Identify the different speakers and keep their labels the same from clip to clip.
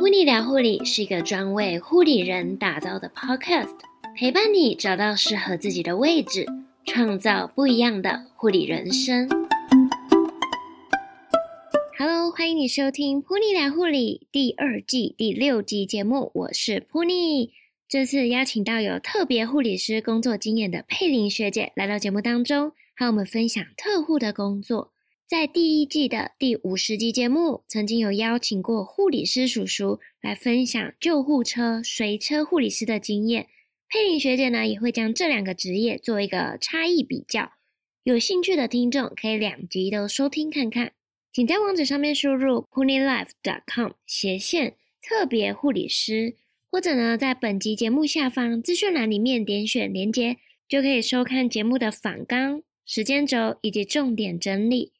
Speaker 1: 噗妮聊護理是一個專為護理人打造的 Podcast，陪伴你找到適合自己的位置，創造不一樣的護理人生。Hello，歡迎你收聽噗妮聊護理第二季第六集節目，我是噗妮。這次邀請到有特別護理師工作經驗的姵伶學姐來到節目當中，和我們分享特護的工作。在第一季的第五十集節目，曾經有邀請過護理師叔叔來分享救護車隨車護理師的經驗。姵伶學姐呢，也會將這兩個職業做一個差異比較。有興趣的聽眾可以兩集都收聽看看。請在網址上面輸入 punilife.com 斜線特別護理師，或者呢，在本集節目下方資訊欄裡面點選連結，就可以收看節目的訪綱時間軸以及重點整理。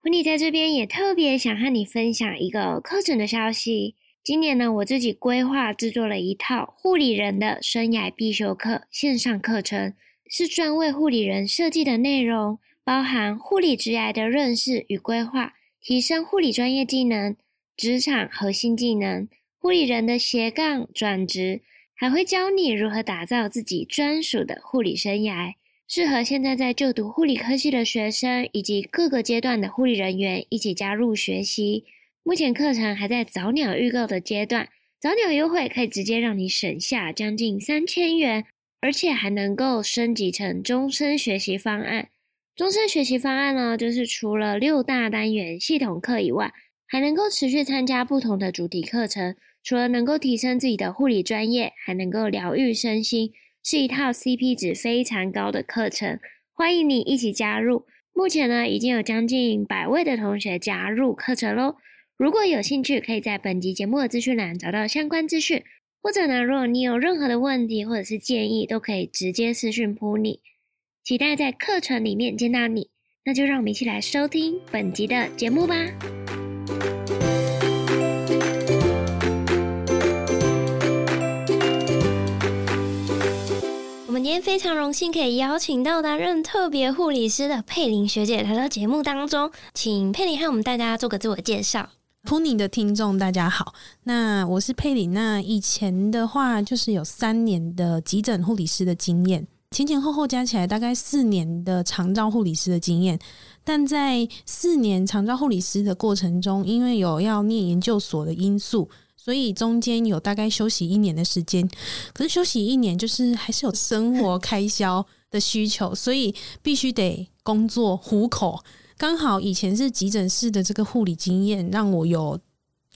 Speaker 1: Puni 在這邊也特別想和你分享一個課程的消息。今年呢，我自己規劃制作了一套護理人的生涯必修課線上課程，是專為護理人設計的內容，包含護理職涯的認識與規劃，提升護理專業技能、職場核心技能，護理人的斜槓轉職，還會教你如何打造自己專屬的護理生涯。適合現在在就讀護理科系的學生，以及各個階段的護理人員一起加入學習。目前課程還在早鳥預購的階段，早鳥優惠可以直接讓你省下將近三千元，而且還能夠升級成終身學習方案。終身學習方案呢，就是除了六大單元系統課以外，還能夠持續參加不同的主題課程。除了能夠提升自己的護理專業，還能夠療癒身心。是一套 CP 值非常高的課程，歡迎你一起加入。目前呢，已經有將近百位的同學加入課程嘍。如果有興趣，可以在本集節目的資訊欄找到相關資訊，或者呢，如果你有任何的問題或者是建議，都可以直接私訊噗妮。期待在課程裡面見到你，那就讓我們一起來收聽本集的節目吧。今天非常榮幸可以邀請到擔任特別護理師的姵伶學姐來到節目當中，請姵伶和我們大家做個自我介紹。普尼的聽眾大家
Speaker 2: 好，那我是姵伶，那以前的話就是有三年的急診護理師的經驗，前前後後加起來大概四年的長照護理師的經驗，但在四年長照護理師的過程中，因為有要念研究所的因素。所以中間有大概休息一年的時間，可是休息一年就是還是有生活開銷的需求，所以必須得工作糊口。剛好以前是急診室的這個護理經驗，讓我有。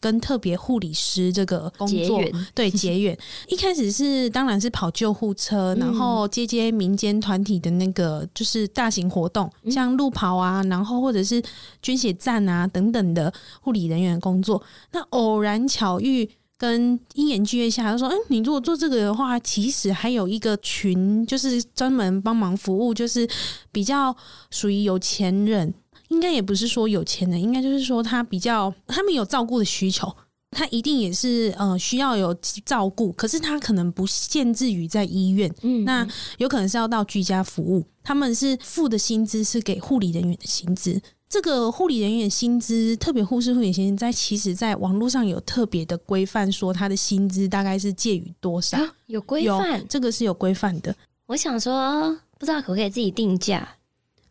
Speaker 2: 跟特別護理師這個工作對結緣， 一開始是當然是跑救護車、嗯，然後接接民間團體的那個就是大型活動、嗯，像路跑啊，然後或者是捐血站啊等等的護理人員的工作。那偶然巧遇跟一言之約下，他說：嗯、欸，你如果做這個的話，其實還有一個群，就是專門幫忙服務，就是比較屬於有錢人。應該也不是說有錢的，應該就是說他比較，他們有照顧的需求，他一定也是呃需要有照顧，可是他可能不限制於在醫院，嗯，嗯，那有可能是要到居家服務，他們是付的薪資是給護理人員的薪資，這個護理人員薪資，特別護士護理薪資，現其實在網絡上有特別的規範，說他的薪資大概是介於多少，啊、
Speaker 1: 有規範，
Speaker 2: 這個是有規範的。
Speaker 1: 我想說，不知道可不可以自己定價。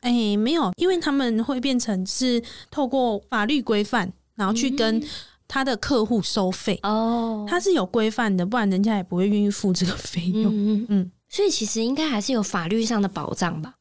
Speaker 1: 哎、欸，沒有，因為他
Speaker 2: 們會變成是透過法律規範，然後去跟他的客戶收費。哦、嗯嗯，他是有規範的，不然人家也不會願意付這個費用。嗯嗯，嗯，
Speaker 1: 所以其實應該還是有法律上的保障吧。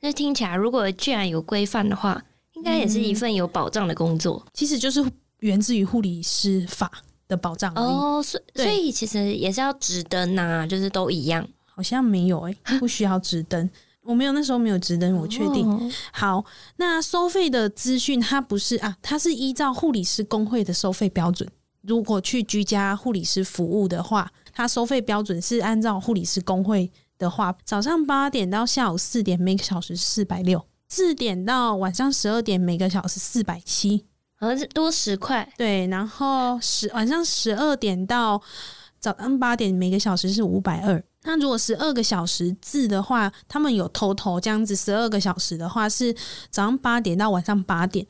Speaker 1: 那聽起來，如果既然有規範的話，嗯、應該也是一份有保障的工作。
Speaker 2: 其實就是源自於護理師法的
Speaker 1: 保障哦。所以所以，其實也是要執登吶，就是都一樣。好
Speaker 2: 像沒有哎、欸，不需要執登。我沒有，那時候沒有職登，我確定。哦。好，那收費的資訊，它不是啊，它是依照護理師工會的收費標準。如果去居家護理師服務的話，它收費標準是按照護理師工會的話，早上八點到下午四點，每個小時四百六；四點到晚上十二點，每個小時四百七，而是多十塊。對，然後十晚上十二點到早上八點，每個小時是五百二。那如果十二個小時制的話，他們有偷偷這樣子，十二個小時的話是早上八點到晚上八點，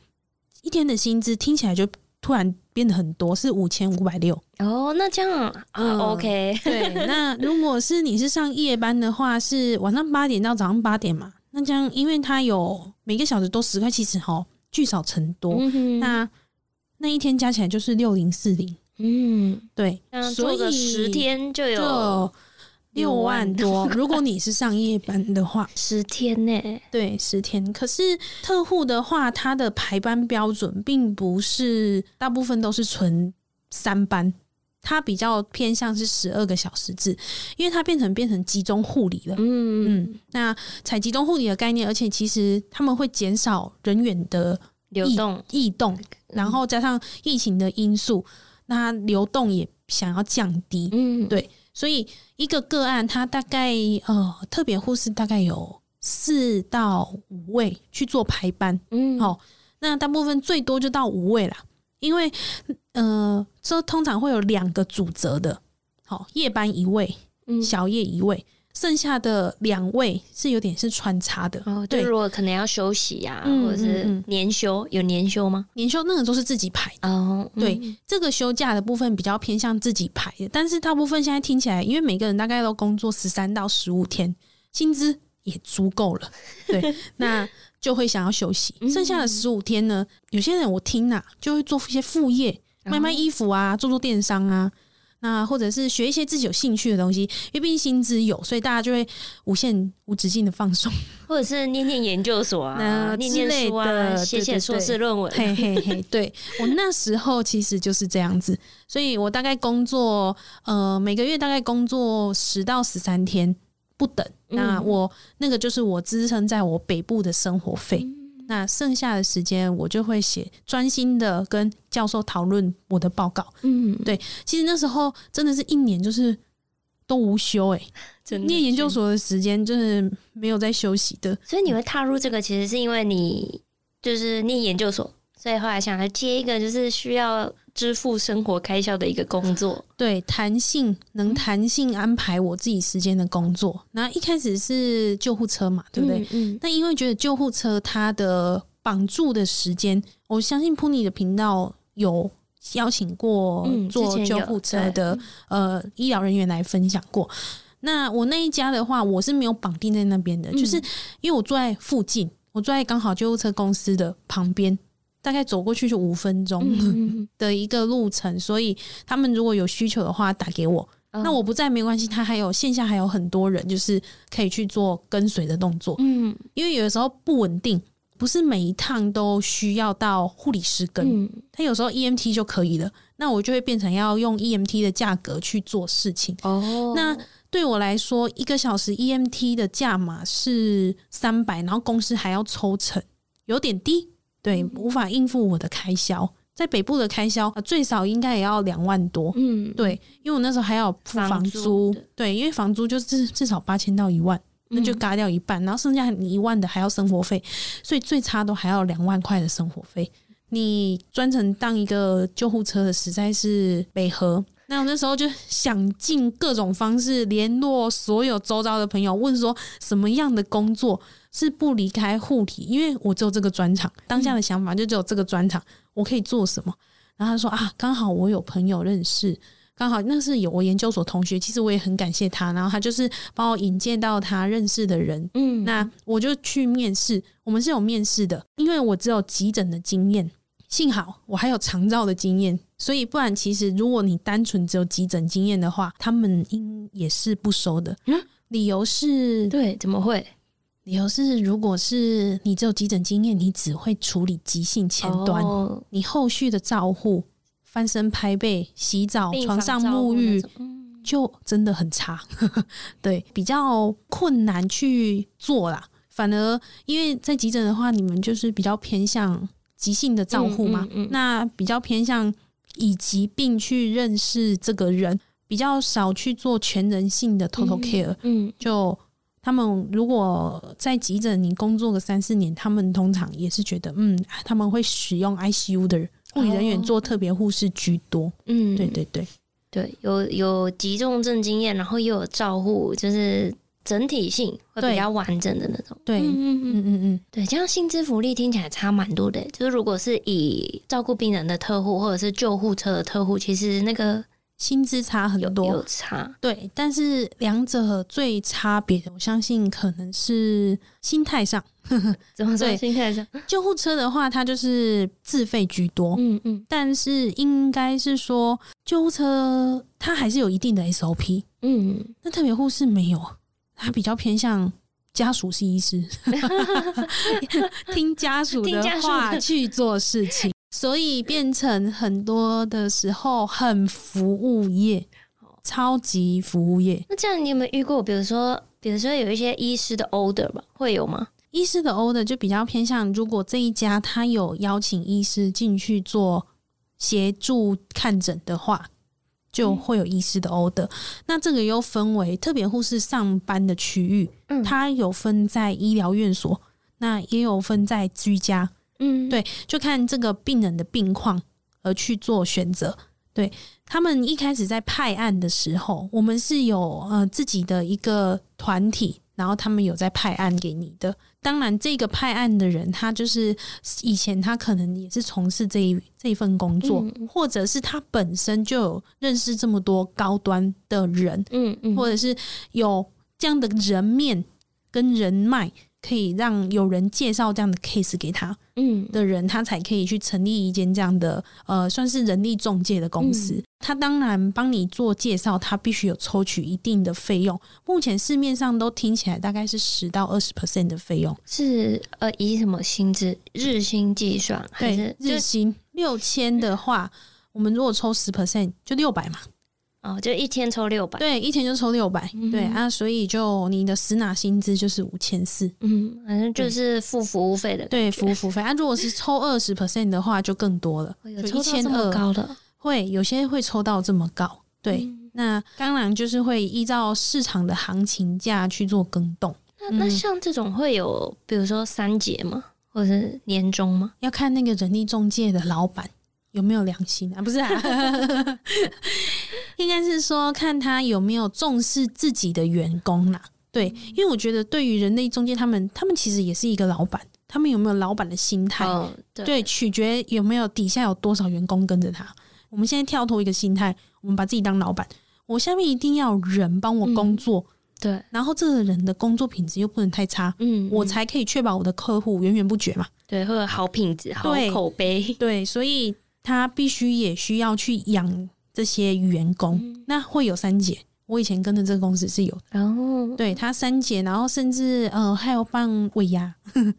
Speaker 2: 一天的薪資聽起來就突然變得很多，是五千五百六。哦，那這樣、嗯、啊，OK。對， 那如果是你是上夜班的話，是晚上八點到早上八點嘛？那這樣，因為他有每個小時都十塊七十毫，聚少成多，嗯、那那一天加起來就是六零四零。嗯，對。所以十天就有。
Speaker 1: 六萬多，如
Speaker 2: 果你是上夜班的話， 十天呢、欸？對，十天。可是特護的話，它的排班標準並不是大部分都是純三班，它比較偏向是十二個小時制，因為它變成變成集中護理了。嗯嗯，嗯。那才集中護理的概念，而且其實他們會減少人員的流動異動，然後加上疫情的因素，那它流動也想要降低。嗯，嗯，對。所以一個個案，他大概呃，特別護士大概有四到五位去做排班，嗯，好、哦，那大部分最多就到五位啦，因為呃，這通常會有兩個主責的，好、哦，夜班一位，嗯，小夜一位。剩下的兩位是有點是穿插的，哦，對，對，如果可能要休息呀，啊嗯嗯嗯，或者是年休，有年休嗎？年休那個都是自己排哦，嗯嗯，對，這個休假的部分比較偏向自己排的，但是大部分現在聽起來，因為每個人大概都工作十三到十五天，薪資也足夠了，對， 那就會想要休息。剩下的十五天呢？嗯嗯，有些人我聽吶，啊，就會做一些副業，賣賣衣服啊，哦，做做電商啊。那或者是學一些自己有興趣的東西，因為畢竟薪資有，所以大家就會無限無止境的放鬆，
Speaker 1: 或者是念念研究所啊， 那念念書啊，寫寫碩士論文，嘿嘿嘿。
Speaker 2: 對。 我那時候其實就是這樣子，所以我大概工作，呃，每個月大概工作十到十三天不
Speaker 1: 等。嗯、那我
Speaker 2: 那個就是我支撐在我北部的生活費。嗯那剩下的時間，我就會寫專心的跟教授討論我的報告。嗯、嗯，對，其實那時候真的是一年就是都無休哎、欸，念研
Speaker 1: 究所的時間就是沒有在休息的。所以你會踏入這個，其實是因為你就是念研究所，所以後來想來接一個就是需要。支付生活開銷的一個工作，
Speaker 2: 對，彈性能彈性安排我自己時間的工作。那、嗯、一開始是救護車嘛，對不對？嗯。那、嗯、因為覺得救護車它的綁住的時間，我相信 Puni 的頻道有邀請過做救護車的、嗯、呃醫療人員來分享過。那我那一家的話，我是沒有綁定在那邊的、嗯，就是因為我住在附近，我住在剛好救護車公司的旁邊。大概走過去就五分鐘的一個路程，所以他們如果有需求的話，打給我，那我不在沒關係，他還有線下還有很多人，就是可以去做跟隨的動作。嗯，因為有的時候不穩定，不是每一趟都需要到護理師跟。他有時候 EMT 就可以了，那我就會變成要用 EMT 的價格去做事情。哦，那對我來說，一個小時 EMT 的價碼是三百，然後公司還要抽成，有點低。對，無法應付我的開銷，在北部的開銷最少應該也要兩萬多。嗯，對，因為我那時候還要付房租，房租對，因為房租就是至少八千到一萬，那就嘎掉一半，嗯，然後剩下你一萬的還要生活費，所以最差都還要兩萬塊的生活費。你專程當一個救護車的，實在是北河。那我那時候就想盡各種方式聯絡所有周遭的朋友，問說什麼樣的工作，是不離開護理，因為我只有這個專長。當下的想法就只有這個專長、嗯，我可以做什麼？然後他說啊，剛好我有朋友認識，剛好那是有我研究所同學。其實我也很感謝他，然後他就是幫我引薦到他認識的人。嗯，那我就去面試，我們是有面試的，因為我只有急診的經驗。幸好我還有長照的經驗，所以不然其實如果你單純只有急診經驗的話，他們應也是不收的。嗯，理由是，對，怎麼會？理由是，如果是你只有急診經驗，你只會處理急性前端，哦、你後續的照護、翻身拍背、洗澡、床上沐浴，嗯、就真的很差呵呵，對，比較困難去做啦。反而因為在急診的話，你們就是比較偏向急性的照護嘛、嗯嗯嗯，那比較偏向以疾病去認識這個人，比較少去做全人性的 total care，嗯，嗯，就。他們如果在急診，你工作個三四年，他們通常也是覺得，嗯，他們會使用 ICU 的人、護理、哦、人員做特別護士居多。嗯，對對對，
Speaker 1: 對有有急重症經驗，然後又有照護，就是整體性會比較完整的那種。對，對嗯嗯嗯嗯嗯，對，這樣薪資福利聽起來差蠻多的。就是如果是以照顧病人的特護或者是救護車的特護，其實那個。薪資差很多，有，有差，
Speaker 2: 對，但是兩者最差別，我相信可能是心態上。怎麼說？對，心態上。救護車的話，它就是自費居多，嗯嗯，但是應該是說救護車它還是有一定的 SOP，嗯，那特別護士沒有，它比較偏向家屬是醫師，嗯、 聽家屬的話去做事情。所以變成很多的時候，很服務業，超級服務業。那這樣你有沒有遇過？比如說，
Speaker 1: 比如說有一些醫師的 order 吧，
Speaker 2: 會有嗎？醫師的 order 就比較偏向，如果這一家他有邀請醫師進去做協助看診的話，就會有醫師的 order。嗯。那這個又分為特別護士上班的區域，嗯，它有分在醫療院所，那也有分在居家。嗯，對，就看這個病人的病況而去做選擇。對，他們一開始在派案的時候，我們是有呃自己的一個團體，然後他們有在派案給你的。當然，這個派案的人，他就是以前他可能也是從事這一這一份工作，嗯，或者是他本身就有認識這麼多高端的人，嗯，嗯，或者是有這樣的人面跟人脈。可以讓有人介紹這樣的 case 給他，嗯，的人，他才可以去成立一間這樣的呃，算是人力中介的公司。嗯、他當然幫你做介紹，他必須有抽取一定的費用。目前市面上都聽起來大概是十到二十 percent 的費用，
Speaker 1: 是呃以什麼薪資日薪計算、嗯、還是對日薪六
Speaker 2: 千的話，我們如果抽十 percent 就六百嘛。
Speaker 1: 哦，就一天抽六百，對，
Speaker 2: 一天就抽六百、嗯，對啊，所以就你的實拿薪資就是五千四，嗯，反正就是付服務費的，對，服務費。啊，如果是抽二十 percent 的話，就更多了，哦、有抽到這麼高的，會有些會抽到這麼高，對。那當然就是會依照市場的行情價去做更動。那那像這種會有，比如說三節嗎，或者是年終嗎？要看那個人力仲介的老板。有沒有良心啊？不是、啊， 應該是說看他有沒有重視自己的員工啦、啊。對，因為我覺得對於人類中介，他們他們其實也是一個老板，他們有沒有老板的心態、哦，對，取決有沒有底下有多少員工跟着他。我們現在跳脫一個心態，我們把自己當老板，我下面一定要人幫我工作，對，然後這個人的工作品質又不能太差，嗯，嗯，我才可以確保我的客戶源源不絕嘛。對，或者好品
Speaker 1: 質、好口
Speaker 2: 碑，對，對，所以。他必須也需要去養這些員工，嗯，那會有三節。我以前跟着這個公司是有的哦，對他三節，然後甚至呃還要辦尾牙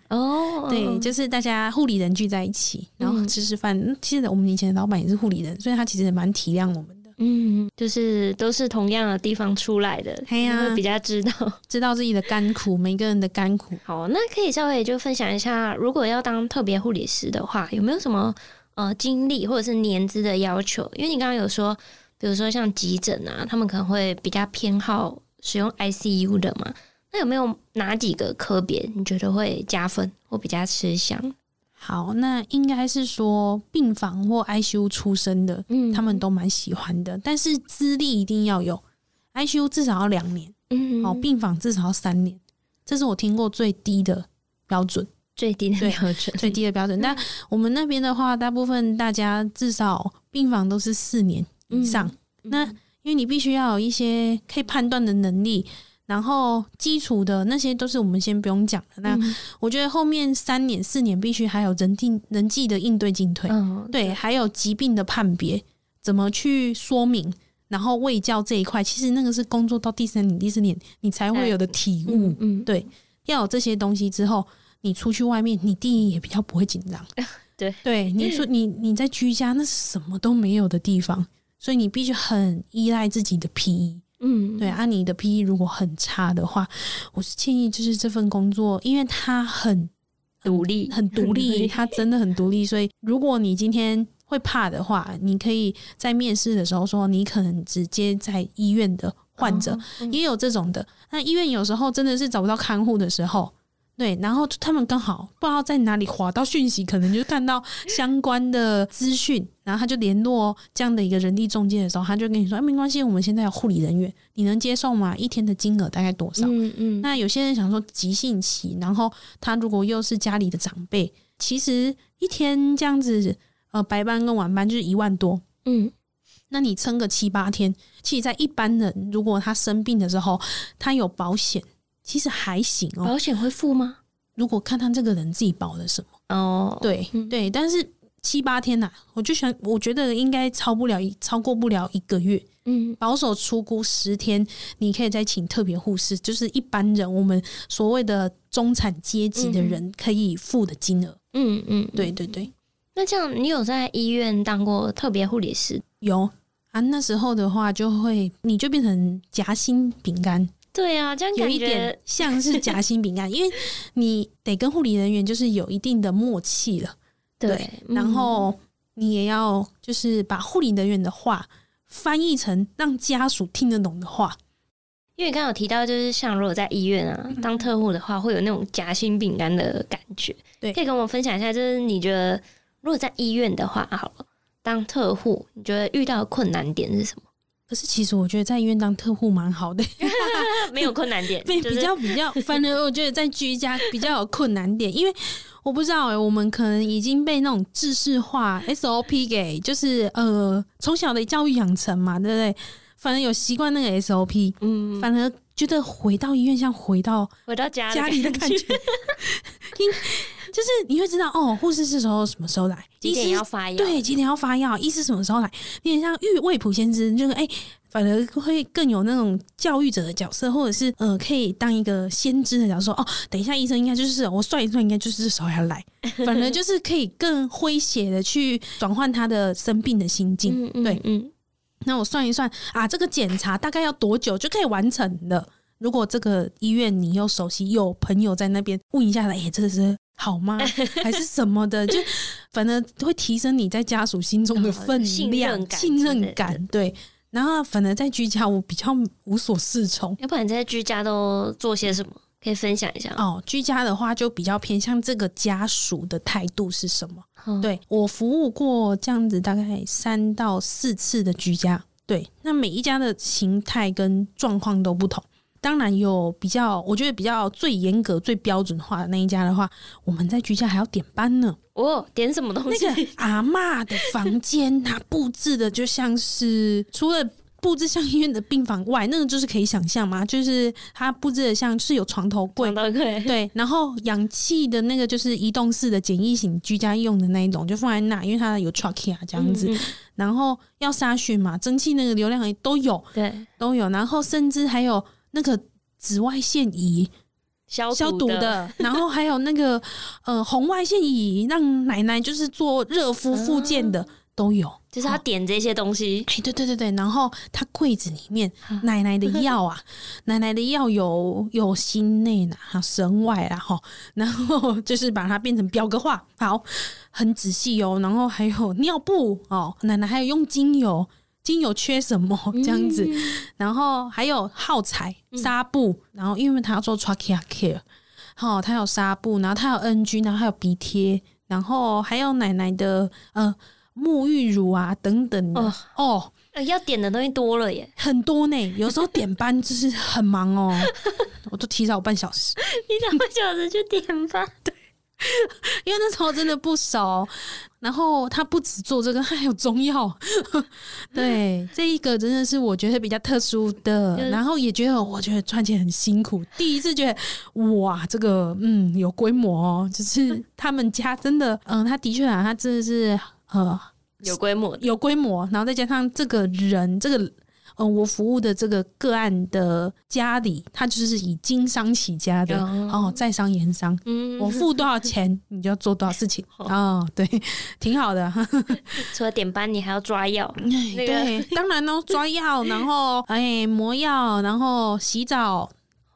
Speaker 2: 哦。對，就是大家護理人聚在一起，然後吃吃飯，嗯。其實我們以前的老板也是護理人，所以他其實也蠻體諒我們
Speaker 1: 的。嗯，就是都是同樣的地方出來的，對呀、啊，比較知道知道自己的甘苦，每個人的甘苦。好，那可以稍微就分享一下，如果要當特別護理師的話，有沒有什麼？呃，經歷或者是年資的要求，因為你剛剛有說，比如說像急診啊，他們可能會比較偏好使用 ICU 的嘛。那有沒有哪幾個科別你覺得會加分或比較吃香？嗯、
Speaker 2: 好，那應該是說病房或 ICU 出身的，嗯、他們都蠻喜歡的。但是資歷一定要有，ICU 至少要兩年，嗯，好、哦，病房至少要三年，這是我聽過最低的標準。最低的標準，最低的標準。嗯、但我們那邊的話，大部分大家至少病房都是四年以上，嗯。那因為你必須要有一些可以判斷的能力，嗯、然後基礎的那些都是我們先不用講的，嗯。那我覺得後面三年、四年必須還有人際、人際的應對進退、嗯對，對，還有疾病的判別，怎麼去說明，然後衛教這一塊，其實那個是工作到第三年、第四年你才會有的體悟。嗯、對、嗯，要有這些東西之後。你出去外面，你第一也比較不會緊張。啊、對對，你說你你在居家，那是什麼都沒有的地方，所以你必須很依賴自己的 PE。嗯，對。啊，你的 PE 如果很差的話，我是建議就是這份工作，因為他很，很獨立，很獨立，他真的很獨立。 所以，如果你今天會怕的話，你可以在面試的時候說，你可能直接在醫院的患者、哦、也有這種的。那醫院有時候真的是找不到看護的時候。對，然後他們剛好不知道在哪裡滑到訊息，可能就看到相關的資訊， 然後他就聯絡這樣的一個人力中介的時候，他就跟你說：“哎，沒關係，我們現在有護理人員，你能接受嗎？一天的金額大概多少？”嗯嗯。那有些人想說急性期，然後他如果又是家裡的長輩，其實一天這樣子呃白班跟晚班就是一萬多，嗯，那你撐個七八天，其實，在一般人如果他生病的時候，他有保險。其實還行哦、喔。保險會付嗎？如果看他這個人自己保了什麼哦。Oh, 對、嗯、對，但是七八天吶、啊，我就想，我覺得應該超不了一，超過不了一個月。嗯，保守出估十天，你可以再請特別護士，就是一般人，我們所謂的中產階級的人可以付的金額。嗯
Speaker 1: 嗯，對對對。
Speaker 2: 那這樣，你有在醫院當過特別護理師？有啊，那時候的話就會，你就變成夾心餅乾。
Speaker 1: 對啊，這樣感覺有一點
Speaker 2: 像是夾心餅乾， 因為你得跟護理人員就是有一定的默契了，對，對然後你也要就是把護理人員的話翻譯成讓家屬聽得懂的話。
Speaker 1: 因為剛剛有提到，就是像如果在醫院啊、嗯、當特護的話，會有那種夾心餅乾的感覺，對。可以跟我們分享一下，就是你覺得如果在醫院的話，好了，當特護，你覺得遇到的困難點是什麼？可是，其實我覺得在醫院當特護蠻好的， 沒有困難點，對就是、比較比較，反
Speaker 2: 正我覺得在居家比較有困難點，因為我不知道、欸，哎，我們可能已經被那種製式化 SOP 給，就是呃，從小的教育養成嘛，對不對？反正有習慣那個 SOP，嗯，反而覺得回到醫院像回到
Speaker 1: 回到家，的家裡的感覺。
Speaker 2: 就是你會知道哦，護士是時候什麼時候來？幾點要發藥，對，今天要發藥。醫生什麼時候來？有點像預未卜先知，就是哎、欸，反而會更有那種教育者的角色，或者是呃，可以當一個先知的角色。說哦，等一下，醫生應該就是我算一算，應該就是這時候要來。反而就是可以更詼諧的去轉換他的生病的心境。 對，嗯，那我算一算啊，這個檢查大概要多久就可以完成了？如果這個醫院你又熟悉，有朋友在那邊問一下的，哎、欸，這是。好嗎？ 還是什麼的？就反正會提升你在家屬心中的分量，哦，信任感、信任感。對、對、對、對，然後反而在居家，我比較無所適從。要不然在居家都做些什麼？可以分享一下哦。居家的話，就比較偏向這個家屬的態度是什麼？哦、對我服務過這樣子大概三到四次的居家。對，那每一家的形態跟狀況都不同。當然有比較，我覺得比較最嚴格、最標準化的那一家的話，我們在居家還要點班呢。哦，點什麼東西？那個、阿嬤的房間， 它佈置的就像是除了佈置像醫院的病房外，那個就是可以想象嘛，就是它佈置的像是有床頭櫃，對，然後氧氣的那個就是移動式的簡易型居家用的那一種，就放在那，因為它有 trucky 啊這樣子。嗯嗯。然後要殺菌嘛，蒸汽那個流量也都有，對，都有。然後甚至還有。那個紫外線儀消毒消毒的，然後還有那個 呃紅外線儀，讓奶奶就是做熱敷復健的，嗯、都有，
Speaker 1: 就是她點這些東西。哦哎。對對
Speaker 2: 對對，然後他櫃子裡面、嗯、奶奶的藥啊， 奶奶的藥有有心內啦、神外啦哈、哦，然後就是把它變成表格化，好，很仔細哦。然後還有尿布哦，奶奶還有用精油。精油缺什麼這樣子，嗯、然後還有耗材紗布、嗯，然後因為他要做 trachea care，好、哦，他有紗布，然後他有 NG，然後還有鼻貼，然後還有奶奶的呃沐浴乳啊等等哦，哦、呃，要點的東西多了耶，很多呢，有時候點班就是很忙哦， 我都提早半小時，
Speaker 1: 提 早半小時就點班，對，
Speaker 2: 因為那時候真的不熟。然後他不止做這個，還有中藥。 對， 這一個真的是我覺得比較特殊的，就是。然後也覺得，我覺得賺錢很辛苦。第一次覺得，哇，這個嗯有規模哦，就是他們家真的，嗯、呃，他的確啊，他真的是呃有規模，有規模。然後再加上這個人，這個。嗯、呃，我服務的這個個案的家裡，他就是以經商起家的，嗯、哦，在商言商。嗯，我付多少錢，你就要做多少事情、嗯。哦，
Speaker 1: 對，挺好的。 除了點班，你還要抓藥、那個。對，當
Speaker 2: 然嘍、哦，抓藥，然後 哎，磨藥，然後洗澡，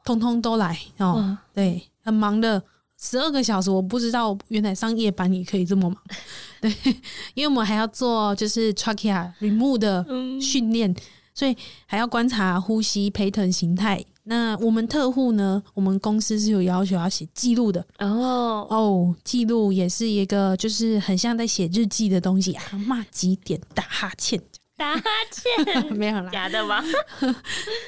Speaker 2: 通通都來哦、嗯。對，很忙的，十二個小時。我不知道原來上夜班也可以這麼忙。對，因為我們還要做就是 trachea remove 的訓練。嗯。所以還要觀察呼吸、pattern 形態。那我們特護呢？我們公司是有要求要寫記錄的。哦、oh. 哦，記錄也是一個，就是很像在寫日記的東西啊，罵幾點、打哈欠。打哈 沒有啦，假的嗎？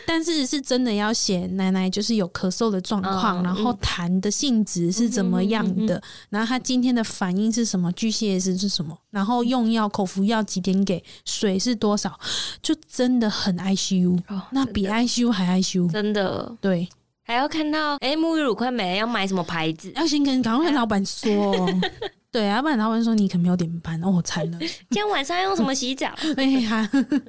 Speaker 2: 但是是真的要寫，奶奶就是有咳嗽的狀況、嗯，然後痰的性質是怎麼樣的，嗯嗯嗯嗯、然後他今天的反應是什麼，巨蟹是是什麼，然後用藥、嗯、口服藥幾點給，水是多少，就真的很 ICU、哦。那比 ICU 還 ICU，真的。對，
Speaker 1: 還要看到哎，沐浴乳快沒了，要買什麼牌子？要先跟趕快老闆說、哦。啊 對，啊，不
Speaker 2: 然他會說，你可能沒有點斑哦，慘了。今天晚上要用什麼洗澡？哎 呀對、啊，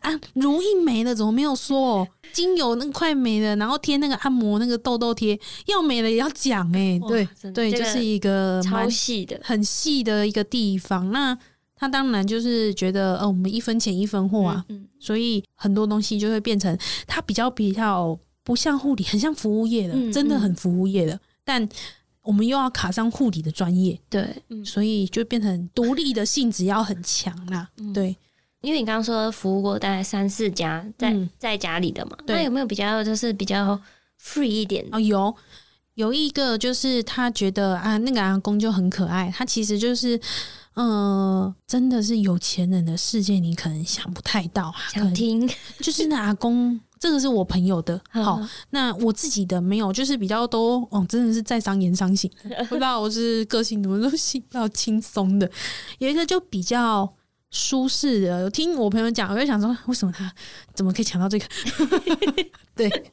Speaker 2: 啊，如意沒了，怎麼沒有說？精油那個快沒了，然後貼那個按摩那個痘痘貼，要沒了也要講哎、欸，對對、這個，就是一個超細的、很細的一個地方。那他當然就是覺得，呃，我們一分錢一分貨啊、嗯嗯，所以很多東西就會變成他比較比較不像護理，很像服務業的，嗯、真的很服務業的，嗯嗯、但。我們又要卡上護理的專業，對，所以就變成獨立的性質要很強啦、嗯。對，
Speaker 1: 因為你剛剛說服務過大概三四家，在、嗯、在家裡的嘛，那有沒有比較就是比較 free 一點
Speaker 2: 啊？有，有一個就是他覺得啊，那個阿公就很可愛，他其實就是，嗯、呃，真的是有錢人的世界，你可能想不太到啊。想聽，就是那阿公。 這個是我朋友的，好好，好，那我自己的沒有，就是比較多，哦，真的是在商言商型， 不知道我是個性怎麼說比較輕鬆的，有一個就比較舒適的。我聽我朋友講，我就想說，為什麼他怎麼可以搶到這個？ 對，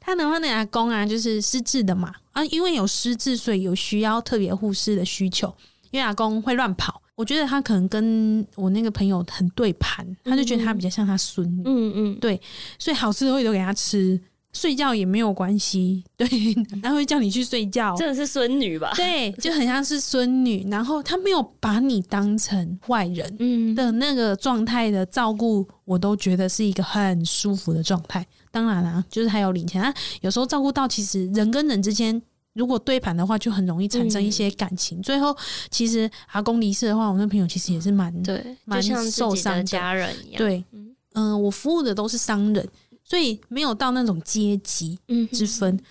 Speaker 2: 他的話呢，阿公啊？就是失智的嘛，啊，因為有失智，所以有需要特別護士的需求，因為阿公會亂跑。我覺得他可能跟我那個朋友很對盤，嗯嗯，他就覺得他比較像他孫女，嗯嗯，對，所以好吃的會都給他吃，睡覺也沒有關係，對，他會叫你去睡覺，真
Speaker 1: 的是孫女吧？對， 就很像是
Speaker 2: 孫女，然後他沒有把你當成外人的那個狀態的照顧，我都覺得是一個很舒服的狀態。當然啦、啊，就是還有領錢，有時候照顧到其實人跟人之間。如果對盤的話，就很容易產生一些感情。嗯、最後，其實阿公離世的話，我那朋友其實也是蠻對蠻，就像受傷的家
Speaker 1: 人一樣。對，
Speaker 2: 嗯、呃，我服務的都是商人，所以沒有到那種階級之分、嗯哼哼。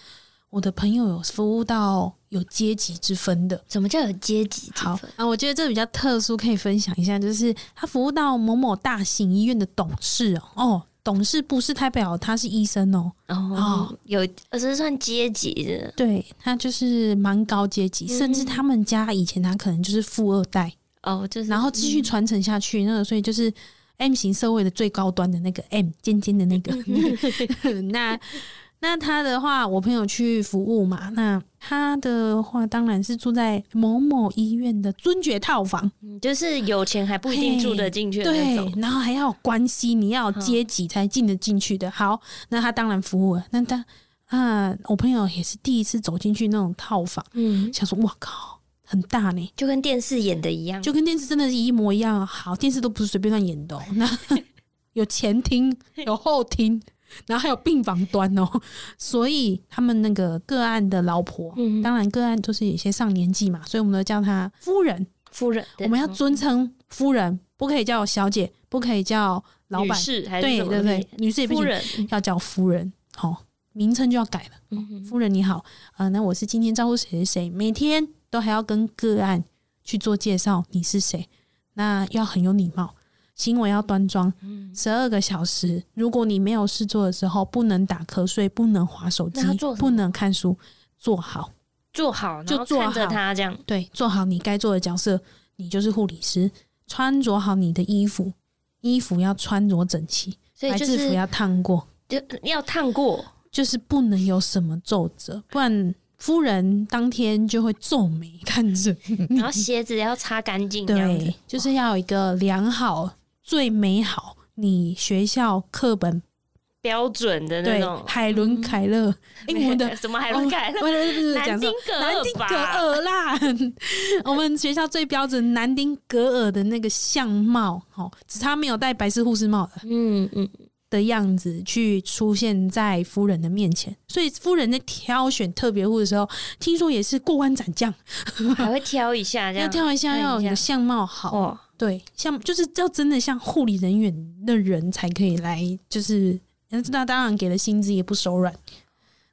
Speaker 2: 我的朋友有服務到有階級之分的，怎麼叫有階級之分？好啊，我覺得這比較特殊，可以分享一下，就是他服務到某某大型醫院的董事哦。董事，不是代表他是醫生、喔，哦，哦，
Speaker 1: 有，這是算階級的，
Speaker 2: 對，他就是蠻高階級、嗯，甚至他們家以前他，可能就是富二代哦，就、嗯、是，然後繼續傳承下去，那個所以就是 M 型社會的最高端的那個 M 尖尖的那個， 那那他的話，我朋友去服務嘛，那。他的話當然是住在某某醫院的尊爵套房，嗯、就是有錢還不一定住得進去的那種，對，然後還要有關係，你要有階級才進得進去的。好，那他當然服務了。那他啊，我朋友也是第一次走進去那種套房，嗯，想說哇靠，很大呢，就跟電視演的一樣，就跟電視真的是一模一樣。好，電視都不是隨便亂演的、喔， 那有前廳，有後廳。然後還有病房端哦，所以他們那個個案的老婆，嗯、當然個案都是有些上年紀嘛、嗯，所以我們都叫她夫人，夫人，我們要尊稱夫人，不可以叫小姐，不可以叫老板，還是對對對，女士也不夫人，要叫夫人，好、哦，名稱就要改了。哦嗯、夫人你好，嗯、呃，那我是今天招呼誰誰誰，每天都還要跟個案去做介紹，你是誰，那要很有禮貌。行為要端莊。十二個小時，如果你沒有事做的時候，不能打瞌睡，不能滑手機，不能看書，坐好，
Speaker 1: 坐好，就看着他這樣。
Speaker 2: 對，做好你該做的角色，你就是護理師。穿着好你的衣服，衣服要穿着整齊，所以、就是、白制服要燙過，要要燙過，就是不能有什麼皺褶，不然夫人當天就會皺眉看着。 然後鞋子要擦乾淨，對，就是要有一個良好。最美好，你學校課本
Speaker 1: 標準的那種。對，
Speaker 2: 海倫·凱、嗯、勒，英、欸、
Speaker 1: 文的。什麼海倫·凱、喔、勒？不是不是，南丁格爾。南丁格爾
Speaker 2: 啦， 我們學校最標準南丁格爾的那個相貌，哦、喔，只差沒有戴白色護士帽的。嗯嗯。的樣子去出現在夫人的面前，所以夫人在挑選特別護的時候，聽說也是過關斬將，還會挑一下， 要挑一下要你的相貌好。哦對，像就是要真的像護理人員的人才可以來，就是那當然給了薪資也不手軟，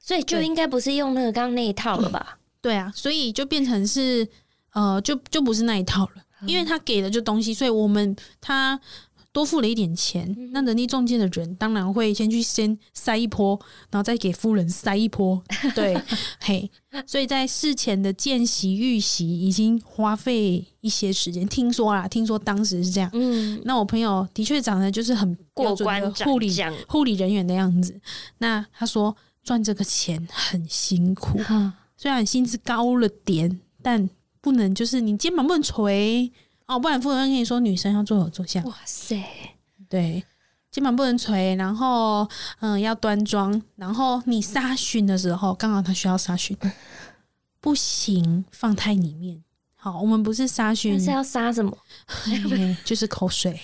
Speaker 2: 所以就應該
Speaker 1: 不是用那個剛剛那一套了吧？對、嗯，
Speaker 2: 對啊，所以就變成是呃，就就不是那一套了、嗯，因為他給了就東西，所以我們他。多付了一點錢，那能力撞建的人當然會先去先塞一波，然後再給夫人塞一波。對， 嘿，所以在事前的見習預習已經花費一些時間。聽說啊聽說當時是這樣。嗯，那我朋友的確長得就是很過關，護理護理人員的樣子。那他說賺這個錢很辛苦，嗯、雖然薪資高了點，但不能就是你肩膀不能垂。哦，不然夫人跟你說，女生要坐有坐相。哇塞，對，肩膀不能垂，然後嗯、呃，要端莊。然後你沙熏的時候，剛、嗯、好他需要沙熏、嗯，不行，放太裡面。好，我們不是撒熏，是要沙什麼嘿嘿？就是口水。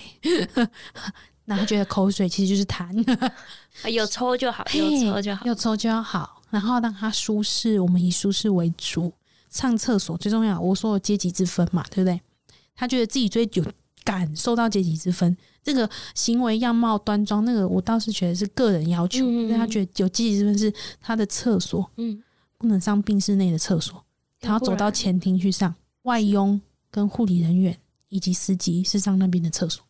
Speaker 2: 然後覺得口水其實就是痰，
Speaker 1: 有抽就好，
Speaker 2: 有抽就好，有抽就要好。然後讓他舒適，我們以舒適為主。上廁所最重要，我說有階級之分嘛，對不對？他覺得自己最有感受到階級之分，這個行為樣貌端莊，那個我倒是覺得是個人要求。嗯、但他覺得有階級之分是他的廁所。嗯，不能上病室內的廁所，
Speaker 1: 他要走到前
Speaker 2: 廳去上，外傭跟護理人員以及司機是上那邊的廁所。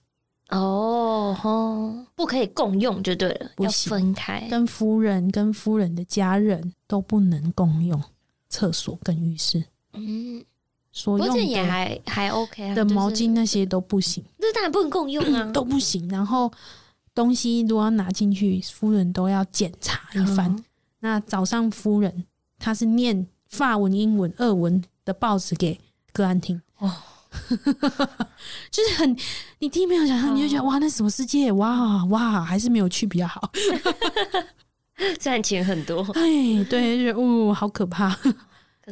Speaker 2: 哦，不可以共用就對了，要分開。跟夫人跟夫人的家人都不能共用廁所跟浴室。嗯。所用的，的毛巾那些都不行，那、OK 啊就是、當然不能共用啊， 都不行。然後東西都要拿進去，夫人都要檢查一番。哦、那早上夫人她是念法文、英文、俄文的報紙給個案聽，哦、 就是很你第一沒有想象，你就覺得、哦、哇，那什麼世界？哇哇，還是沒有去比較好，
Speaker 1: 賺 錢很多。哎，對，
Speaker 2: 就是哦，好可怕。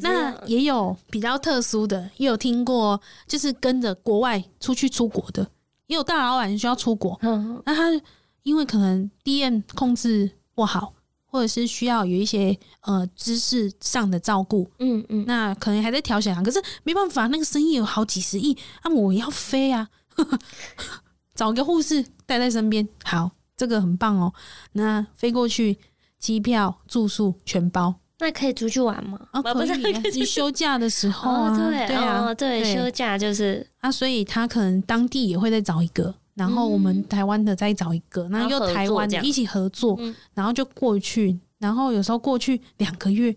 Speaker 2: 那也有比較特殊的，也有聽過，就是跟着國外出去出國的，也有大老闆需要出國。嗯，那他因為可能 DM 控制不好，或者是需要有一些呃知識上的照顧。嗯嗯，那可能還在挑選，可是沒辦法，那個生意有好幾十億，那、啊、我要飛啊！呵呵找個護士帶在身邊，好，這個很棒哦、喔。那飛過去，機票、住宿全包。那可以出去玩嗎？啊，不是、啊、你休假的時候啊， 哦、對，對啊、哦對，對，休假就是啊，所以他可能當地也會再找一個，然後我們台灣的再找一個，那、嗯、又台灣一起合作，然、合作，然後就過去，然後有時候過去兩個月，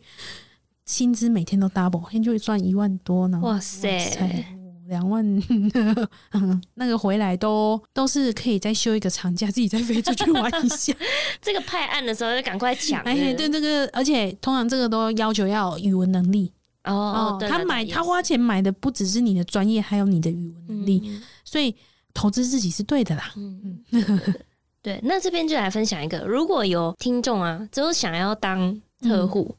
Speaker 2: 薪資每天都 double，天就會賺一萬多呢。哇塞！哇塞兩萬呵呵，那個回來都都是可以再休一個長假，自己再
Speaker 1: 飛出去玩一下。 這個派案的時候就趕快搶，而且、哎、對
Speaker 2: 這個，而且通常這個都要求要有語文能力哦，哦，哦對。他買，對對，他買花錢買的不只是你的專業，還有你的語文能力，嗯、所以投資自己是對的啦。嗯嗯，
Speaker 1: 對，那這邊就來分享一個，如果有聽眾啊，就是想要當特護。嗯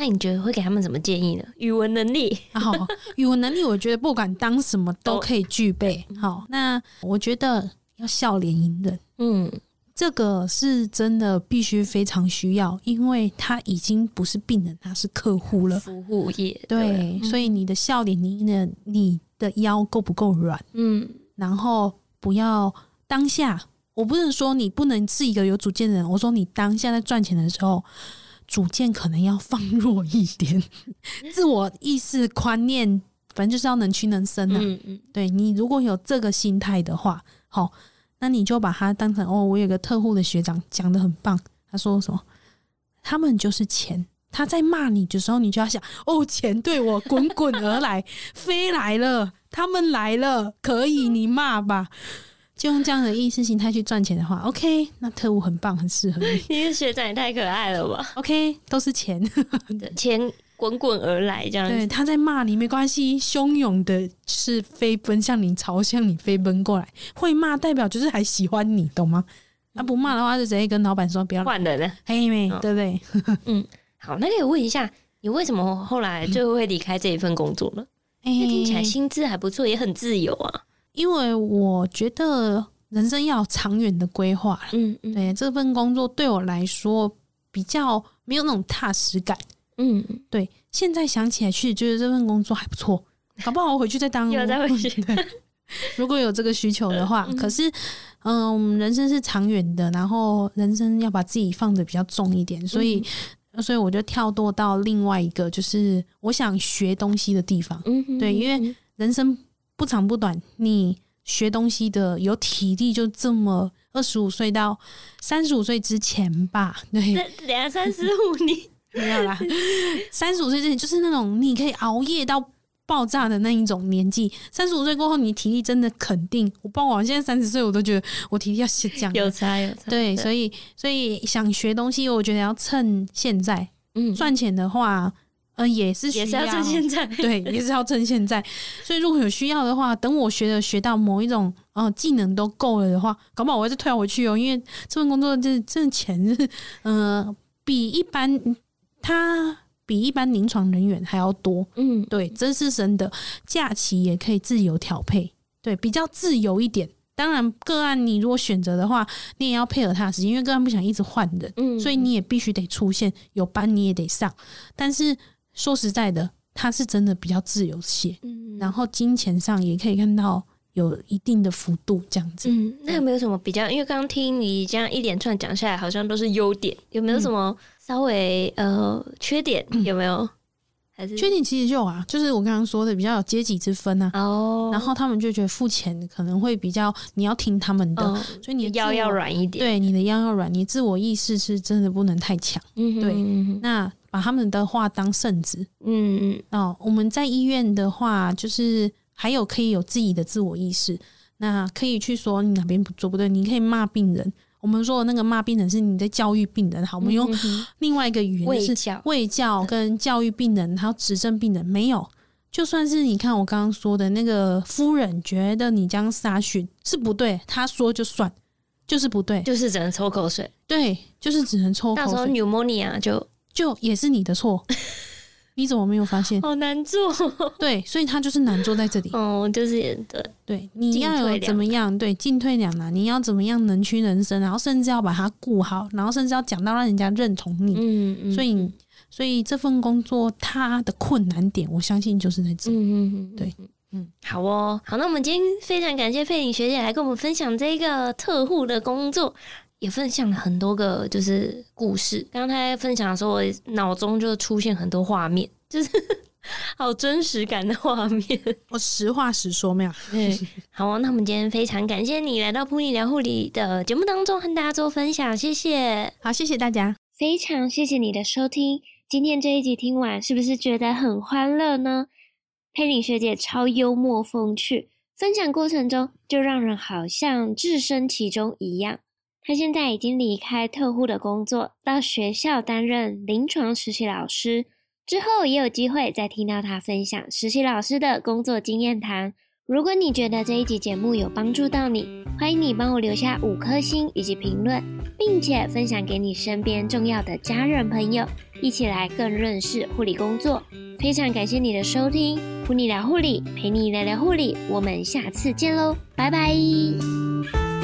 Speaker 1: 那你覺得會給他們什麼建議呢？語文能力。好， oh, 語文能力，我覺得不管當什
Speaker 2: 麼都可以具備。Oh, 好，那我覺得要笑臉迎人。嗯，這個是真的必須非常需要，因為他已經不是病人，他是客戶了，服務業。對，對所以你的笑臉迎人，你的腰夠不夠軟？嗯，然後不要當下，我不能說你不能是一個有主見的人，我說你當下在賺錢的時候，主見可能要放弱一點，自我意識觀念，反正就是要能屈能伸的、啊嗯嗯。對，你如果有這個心態的話，好，那你就把它當成哦，我有個特護的學長講得很棒，他說什麼？他們就是錢，他在罵你的時候，你就要想，哦，錢對我滾滾而來，飛 來了，他們來了，可以，你罵吧。就用這樣的意識形態去賺錢的話，OK，那特護很棒，很適合你。因為學長也太可愛了吧，OK，都是錢，
Speaker 1: 錢滾滾而來，這樣子對。他
Speaker 2: 在罵你沒關係，洶湧的是飛奔向你，朝向你飛奔過來，會罵代表就是還喜歡你，懂嗎？那、
Speaker 1: 啊、不罵的話，就直接跟老闆說不要了。換、hey、人，黑、哦、妹，對不對？ 嗯，好，那可以問一下，你為什麼後來最後會離開這一份工作呢？嗯、因為聽起來薪資還不錯，也很自由啊。
Speaker 2: 因為我覺得人生要長遠的規劃，嗯嗯，對，這份工作對我來說比較沒有那種踏實感，嗯，對。現在想起來，去，就是這份工作還不錯，搞不好，我回去再當、喔，有再回去 對，如果有這個需求的話，嗯、可是，嗯、呃，人生是長遠的，然後人生要把自己放得比較重一點，所以、嗯，所以我就跳多到另外一個，就是我想學東西的地方，嗯，對，因為人生，不長不短，你學東西的有體力，就這麼二十五歲到三十五歲之前吧。對，
Speaker 1: 兩三十五年 沒有啦，
Speaker 2: 三十五歲之前就是那種你可以熬夜到爆炸的那一種年紀。三十五歲過後，你體力真的肯定。我不管，我現在三十歲，我都覺得我體力要下降。有差有差。對，所以所以想學東西，我覺得要趁現在。嗯、賺錢的話。嗯、呃，也是需要也是要趁現在，對，也是要趁現在。 所以如果有需要的話，等我學的學到某一種，嗯、呃，技能都夠了的話，搞不好我還是退回去哦、喔。因為這份工作就是掙錢是，嗯、呃，比一般他比一般臨床人員還要多。嗯，對，真是神的假期也可以自由調配，對，比較自由一點。當然，個案你如果選擇的話，你也要配合他的時間，因為個案不想一直換人、嗯，所以你也必須得出現，有班你也得上，但是。說實在的，他是真的比較自由些，嗯，然後金錢上也可以看到有一定的幅度這樣子。
Speaker 1: 嗯、那有沒有什麼比較？因為剛剛聽你這樣一連串講下來，好像都是優點，有沒有什麼稍微、嗯、呃缺點？有沒有？還
Speaker 2: 是缺點其實就有啊，就是我剛剛說的比較有階級之分啊。哦，然後他們就覺得付錢可能會比較，你要聽他們的，哦、所以你的腰要軟一點。對，你的腰要軟，你自我意識是真的不能太強。嗯、對、嗯對嗯，那。把他們的話當聖旨，嗯嗯，哦，我們在醫院的話，就是還有可以有自己的自我意識，那可以去說你哪邊不做不對，你可以罵病人。我們說的那個罵病人是你在教育病人，好，我們用另外一個語言是教，衛教跟教育病人，然後指正病人沒有。就算是你看我剛剛說的那個夫人覺得你這樣訊，是不對，他說就算就是不對，就是只
Speaker 1: 能抽口水，
Speaker 2: 對，就是只能抽口水。到時候 pneumonia 就。就也是你的錯， 你怎麼沒有發現？好難做。喔，對，所以他就是難做在這裡。哦，就是
Speaker 1: 也對，對，你要怎麼
Speaker 2: 樣？對，進退兩難，你要怎麼樣能屈能伸，然後甚至要把它顧好，然後甚至要講到讓人家認同你。嗯嗯，嗯，所以所以這份工作它的困難點，我相信就是在這嗯嗯，嗯，嗯對，嗯，
Speaker 1: 好哦，好，那我們今天非常感謝姵伶學姐來跟我們分享這一個特護的工作。也分享了很多個就是故事。剛才分享的時候，我腦中就出現很多畫面，就是好真實感的畫面。我實話實說，沒有。嗯，好，那我們今天非常感謝你來到噗妮聊護理的節目當中，和大家做分享。謝謝，好，謝謝大家，非常謝謝你的收聽。今天這一集聽完，是不是覺得很歡樂呢？姵伶學姐超幽默風趣，分享過程中就讓人好像置身其中一樣。他現在已經離開特護的工作，到學校擔任臨床實習老師，之後也有機會再聽到他分享實習老師的工作經驗談。如果你覺得這一集節目有幫助到你，歡迎你幫我留下五顆星以及評論，並且分享給你身邊重要的家人朋友，一起來更認識護理工作。非常感謝你的收聽，噗妮聊護理，陪你聊聊護理，我們下次見嘍，拜拜。